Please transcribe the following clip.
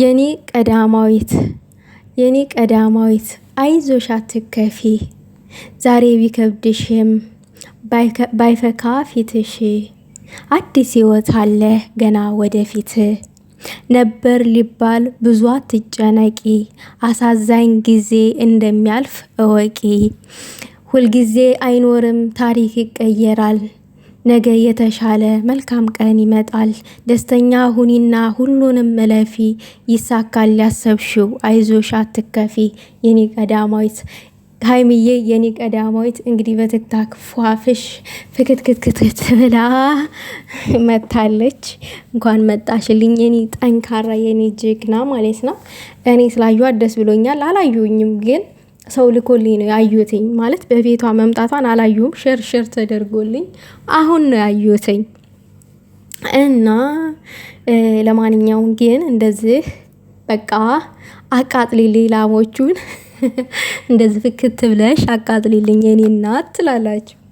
የኔ ቀዳማዊት የኔ ቀዳማዊት አይዞሽ አትከፊ፣ ዛሬ ቢከብድሽም ባይፈካ ፊትሽ፣ አዲስ ህይወት አለ ገና ወደፊት። ነበር ሊባል ብዙ አትጨነቂ፣ አሳዛኝ ጊዜ እንደሚያልፍ እወቂ። ሁልጊዜ አይኖርም ታሪክ ይቀየራል። ነገ የተሻለ መልካም ቀን ይመጣል። ደስተኛ ሁኒና ሁሉንም እለፊ። ይሳካል ያሰብሽው፣ አይዞሽ አትከፊ። የኔ ቀዳማዊት ሀይሚዬ የኔ ቀዳማዊት እንግዲህ በትክታክ ፏፍሽ ፍክትክትክትት ብላ መታለች። እንኳን መጣሽልኝ የኔ ጠንካራ የኔ ጀግና ማለት ነው። እኔ ስላዩ ደስ ብሎኛል። አላዩኝም ግን ሰው ልኮልኝ ነው ያዩትኝ። ማለት በቤቷ መምጣቷን አላዩም። ሸር ሸር ተደርጎልኝ አሁን ነው ያዩትኝ። እና ለማንኛውም ግን እንደዚህ በቃ አቃጥሊልኝ ላሞቹን እንደዚህ ፍክት ብለሽ አቃጥሊልኝ የኔ እናት ትላላችሁ።